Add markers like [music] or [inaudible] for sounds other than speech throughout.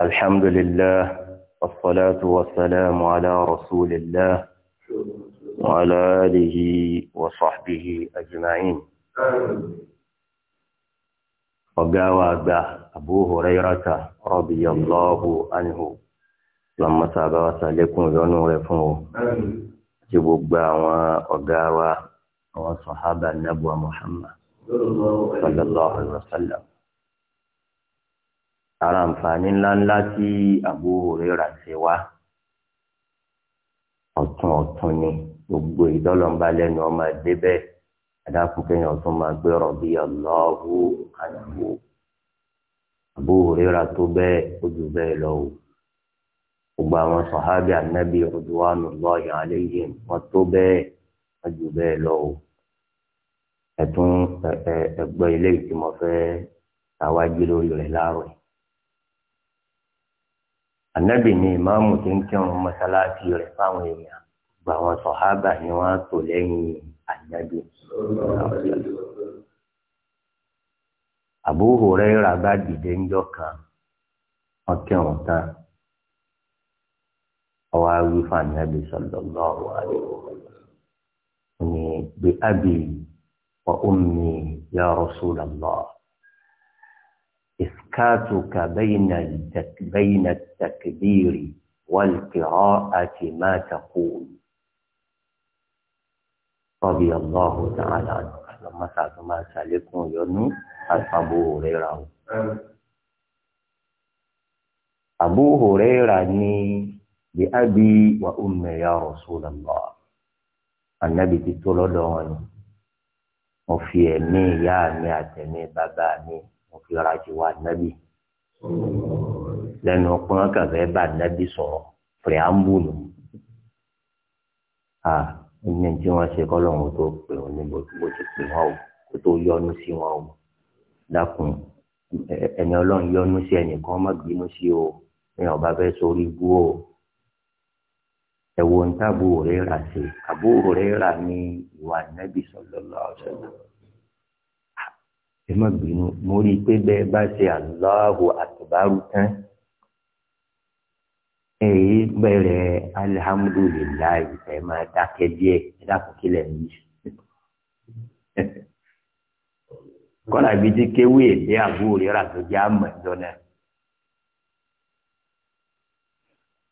الحمد لله والصلاة والسلام على رسول الله وعلى آله وصحبه أجمعين وقاوى به أبو هريرة رضي الله عنه لما سابوا سالكم ذنو رفو جبوا قاوى وقاوى وصحابة النبوة محمد صلى الله عليه وسلم ara àǹfààní ńláńlá tí Abu Hurairah ṣe wá ọ̀tún ọ̀tún ni gbogbo ìdọ́lọ́mbà lẹ́nu ọmọ ẹgbẹ́ bẹ́ẹ̀ adákùn kẹyìn ọ̀tún máa gbé rọ̀bì Allahu àyàwó Abu Hurairah tó bẹ́ẹ̀ ó jù bẹ́ẹ̀ lọ o gbogbo àwọn sọ̀hábì ànábì ridwanullahi alayhim wọ́n tó bẹ́ẹ̀ wọ́n jù bẹ́ẹ̀ lọ o ẹ̀tún ẹ̀gbọ́ ilé ìtìmọ̀fẹ́ tàwájú lórí rẹ̀ láàrọ̀ yìí ànábì ni ìmáàmù tí ń kírun mọ́sálásí rẹ̀ fáwọn èèyàn gba àwọn sọ̀hábà ni wọ́n á tò lẹ́yìn ànábì. Abu Hurairah bá dìde ńjọ́ kan wọ́n kírun tán ọwọ́ awí fún ànábì sallallahu alaihi wasallam. Ní bí abi wa ummi ya Rasulallah. إسكاتك بين بين التكبير والقراءة ما تقول رضي الله تعالى عنه لما سعد ما سالكم يونو أصحابه هريرة أبو هريرة ني بأبي وأمي يا رسول الله النبي تتولى لهم وفي أمي يا أمي أتمي بابا أمي wọn fi ra ti wá nábì lẹ́nu ọkùnrin kan fẹ́ẹ́ bá nábì sọ̀rọ̀ pẹ̀lámbùlù à ní tí wọ́n ṣe kọ́lọ́hún tó pè wọ́n ní bó ti pè wọ́n o kó tó yọnu sí wọn o dákun ẹni ọlọ́run yọnu sí ẹnìkan má bínú sí o ní ọba fẹ́ sórí ibú o ẹ̀wọ̀n tábù rẹ̀ rà sí àbúrò rẹ̀ rà ní ìwà nábì sallallahu alaihi wasallam ẹ má bínú mo rí i pé bẹ́ẹ̀ bá ṣe Allahu akbaru tán èyí bẹ̀rẹ̀ alihamudulilayi ẹ máa dákẹ́ díẹ̀ ẹ dákun kí lẹ̀ ń yí [laughs] kọ́lá ibi tí kéwì èdè àbúrò rírà tó jẹ́ àmọ́ ẹ̀jọ́ náà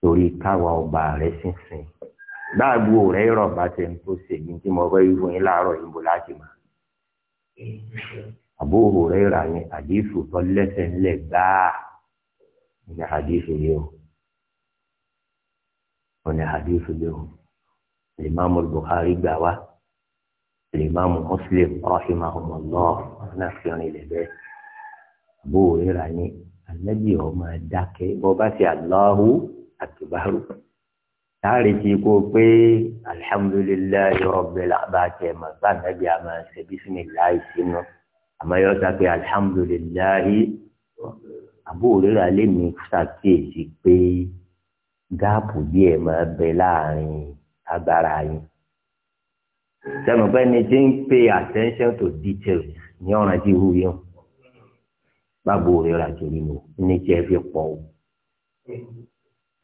torí káwa ọba rẹ̀ sínsìn dáàbò rẹ̀ rọ̀ ti ń tó ṣèyí tí mo fẹ́ yí fún yín láàárọ̀ yìí bò láti mọ̀. Abu Hurairah ni àdéhùn tó lẹ́sẹ̀ ńlẹ̀ gbáà ní àdéhùn yìí o ní àdéhùn yìí o Imam Bukhari gbà wá Imam Muslim rahimahumullah náà fi rìn lẹ̀ bẹ́ẹ̀ Abu Hurairah ni anabi ọmọ dákẹ́ bọ́ bá ti Allahu akbaru táàrí ti kó pé alhamdulillahi rabbil alamin bá tẹ̀ mọ́ bá anabi àmọ́ ṣe bisimilahi sínú àmọ́ yọ sá pé alihamudulilayi àbúrò rà lẹ́mi ṣàkíyèsí pé gáàpù díẹ̀ máa bẹ láàrin agbára yín sẹ́nupẹ́ ni tí ń pay attention to details ní ọ̀ràn tí irú yẹn bábo rẹ̀ rà torí mi ní tí ẹ fi pọ̀ o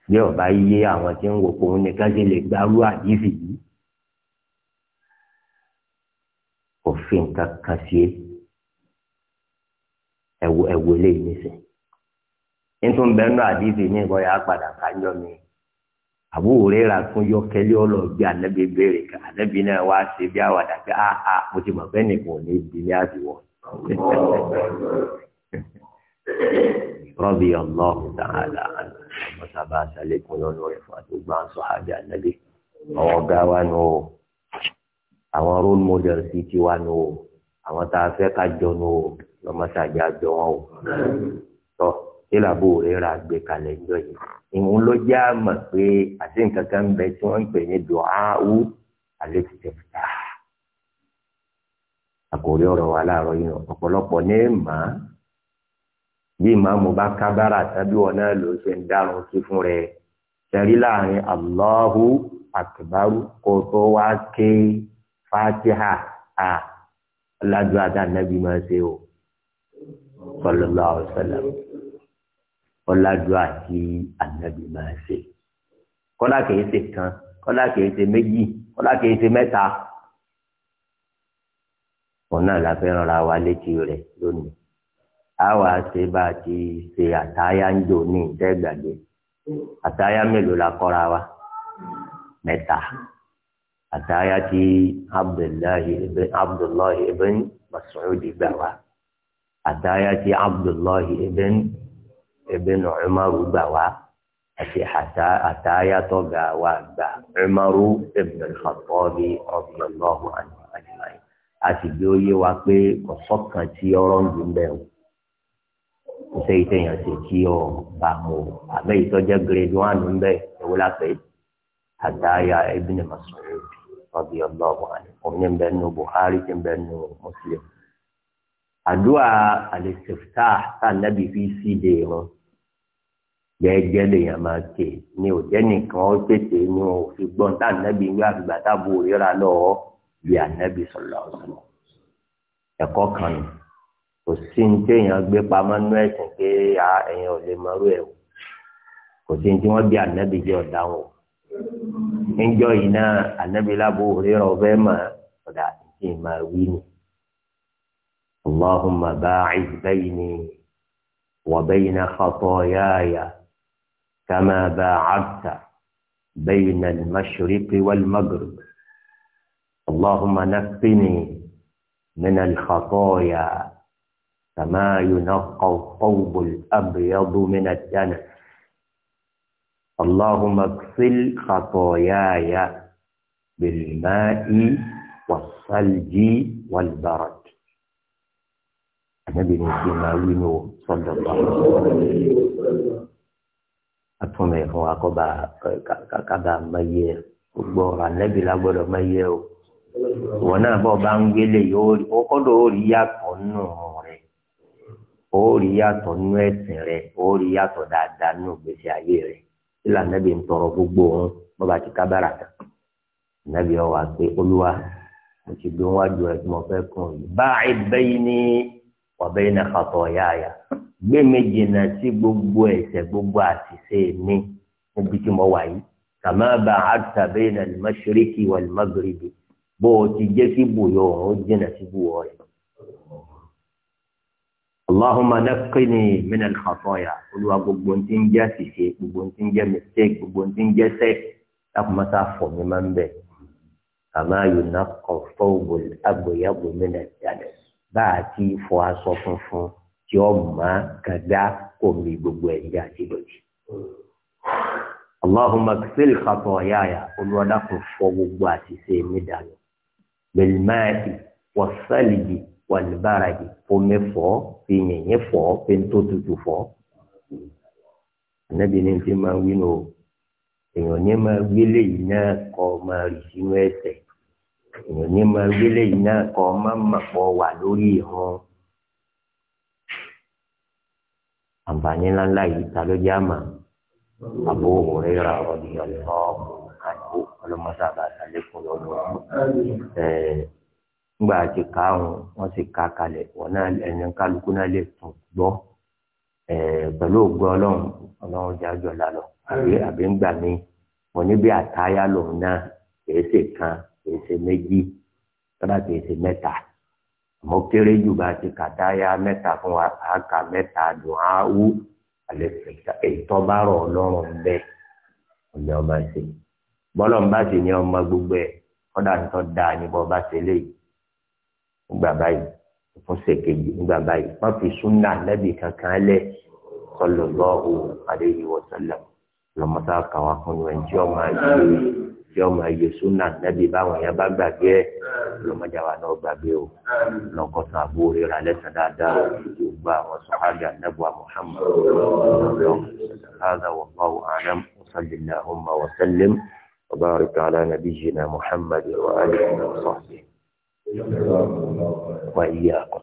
bí ọba yé àwọn tí ń wòpọ̀ òun nìkan ṣe lè gbárù àdìsí yìí òfin kankan ṣe é ẹ̀wò ẹ̀wò eléyìí nìsín nítorí bẹ́ẹ̀ náà àdìsí ní ìbọn yà padà kájọ mi àbúrò rẹ ra fún yọkẹlẹ ọlọgbẹ anabi béèrè ká anabi náà wá ṣe bí àwàdà pé a ah, a ah, mo ti mọ̀ bẹ́ẹ̀ nìkan ní ibi ní àbíwọ. rọ́bì ọlọ́run tààlà mọ́sábà sálẹ̀kùn lọ́nà rẹ̀ fún àǹsọ̀ àbí anabi àwọn ọ̀gá wa nù o àwọn role model sí tiwa nù o àwọn tá a fẹ́ ká jọ nù o lọ́mọ́sàgbé àjọ wọn o tọ́ kílàbù rẹ̀ rà gbé kalẹ̀ jọ yìí ìhun ló jẹ́ àmọ̀ pé àti nǹkan kan bẹ tí wọ́n ń pè ní dùnáwó alẹ́ ti tẹ̀ fìtà àkòrí ọ̀rọ̀ wa láàárọ̀ yìí ọ̀pọ̀lọpọ̀ ní mà bí ìmáàmù bá kábàárà tàbí wọn náà ló ṣe ń dárun sí fún rẹ̀ ṣẹ̀rí láàrin Allahu akbaru kó tó wá ké fatiha a ládùúgbò àti máa ṣe o sallallahu alaihi wasallam ọlájọ àti ànábì máa ṣe kọ́lá kìí ṣe kan kọ́lá kìí ṣe méjì kọ́lá kìí ṣe mẹ́ta òun náà la fẹ́ rọra wa létí rẹ̀ lónìí a wà á ṣe bá a ti ṣe àtáyá ń jò ní ìtẹ́gbàgbé àtáyá mélòó la kọ́ra wa mẹ́ta àtáyá ti Abdullahi ibn Abdullahi ibn Mas'ud gbà wá àtàyà tí abdullahi ibn ibn umaru gbà wá àti àtàyà tó gà wá gbà umaru ibn al-khattabi radiyallahu anhu ajma'in àti bí ó yé wa pé ọ̀sọ́kan tí ọ̀rọ̀ ń dùn bẹ́ẹ̀ o iṣẹ́ ìtẹ̀yàn ṣe kí ọ bá mọ àbẹ́ ìtọ́jẹ́ grade one ń bẹ̀ ewu lápẹ́ àtàyà ibn mas'ud radiyallahu anhu òun ní bẹ́ẹ̀ nù buhari ti bẹ́ẹ̀ nù muslim àdúrà àlèsèftà sànàbí fi síde wọn gbẹ́gbẹ́ lèèyàn máa ké ní òjẹ́ nìkan ó tètè ní wọn ò fi gbọ́n sànàbí ní àgbà tábù ríra lọ́wọ́ bí ànàbí sọ̀rọ̀ ọ̀sán ẹ̀kọ́ kan nù kò sí ní téèyàn gbé pamọ́ nú ẹ̀sìn pé ẹ̀yìn ò lè mọ́rú ẹ̀ o kò sí ní tí wọ́n bí ànàbí jẹ́ ọ̀dà o níjọ́ yìí náà ànàbí lábò ríra ọ̀fẹ́ mọ́ ọ̀dà àti ìmọ̀ wí ni. اللهم باعث بيني وبين خطاياي كما باعدت بين المشرق والمغرب اللهم نقني من الخطايا كما ينقى الثوب الأبيض من الدنس اللهم اغسل خطاياي بالماء والثلج والبرد ànábì ní kí n máa wí ní o sọ́dọ̀ bá wọn. atúmọ̀ ẹ̀fọn wa kọ́ bá kàkàbà mayẹ gbogbo ọ̀rọ̀ ànábì lágbọ́dọ̀ mayẹ o wọn náà bọ̀ bá ń gbélé yóò rí kọ́dọ̀ ó rí yàtọ̀ nù rẹ̀ ó rí yàtọ̀ nù ẹ̀sìn rẹ̀ ó rí yàtọ̀ dáadáa nù gbèsè ayé rẹ̀ ilà ànábì ń tọrọ gbogbo òun bọ́ba ti kábàrà tán ànábì ọ̀ wá pé olúwa mo ti gbé wájú ẹ̀ tí mo fẹ́ kún yìí báyìí bẹ́yìí ní ọ̀bẹ́yìn náà kàtọ́ yáàyà gbé mi jìnnà sí gbogbo ẹ̀ṣẹ̀ gbogbo àṣìṣe mi níbi tí mo wà yìí kàmá bá àtàbẹ́yìn náà al-mashriqi wal-maghribi bó o ti jẹ́ kí bùyọ̀ òun jìnnà sí bùyọ̀ rẹ̀. Allahumma naqqini min al-khataya olúwa gbogbo ń ti ń jẹ́ àṣìṣe gbogbo ń ti ń jẹ́ mistake gbogbo ń ti ń jẹ́ sẹ́ lákùmọ́sá fọ̀ mi máa ń bẹ̀ kàmá yunaqqa ath-thawbu al min ad-danas bá a ti fọ aṣọ funfun tí ó mọ gàgá kò mi gbogbo ẹ̀yà àti ìdọ̀tí. Allahumma kfil khataaya olùwàdà kò fọ gbogbo àṣìṣe mi dànù. Bilmaati wasaliji walbaradi omi fọ fi yìnyín fọ fi tó tutù fọ. Ànábi ni ti máa wí nù èèyàn ní máa wí léyìí náà kọ́ máa rì sínú ẹ̀ṣẹ̀. èèyàn ní máa wílé yìí náà kọ má mà pọ̀ wà lórí ìhun àǹfààní ńláńlá yìí ta ló jẹ́ àmà Abu Hurairah radiyallahu anhu ọlọ́mọṣà bá sàlékún lọ́dọ̀ nígbà tí wọ́n sì ká kalẹ̀ wọ́n náà kálukú náà lè tún gbọ́ pẹ̀lú ògbọ́ ọlọ́run ọlọ́run lálọ́ àbí àbí ń gbà mí mo kìí ṣe méjì tọ́lá kìí ṣe mẹ́ta àmọ́ kéré jù bá ti kàdáyà mẹ́ta fún wa àkà mẹ́ta dùn á wú àlẹ́ ètò bá rọ̀ ọlọ́run bẹ́ẹ̀ ọ̀nà ọba ṣe bọ́lọ̀ ń bá ṣe ní ọmọ gbogbo ẹ̀ kọ́dà tó dáa ní bọ́ ṣe léyìí nígbà báyìí fún ṣèkejì nígbà báyìí wọ́n fi súnà lẹ́bì kankan lẹ̀ sallallahu alaihi wa sallam lọ́mọ́sá kàwá fún ẹ̀ńtí ọmọ àjẹ́ tí ọmọ ayé súnà nẹ́bí báwọn yẹn bá gbàgbé ẹ̀ lọ́mọdé wa náà gbàgbé o lọ́kọ̀tàn àbúrò rírà lẹ́sẹ̀ dáadáa o gbogbo àwọn sọ́hájà nẹ́bùà Muhammad هذا والله أعلم وصل اللهم وسلم وبارك على نبينا محمد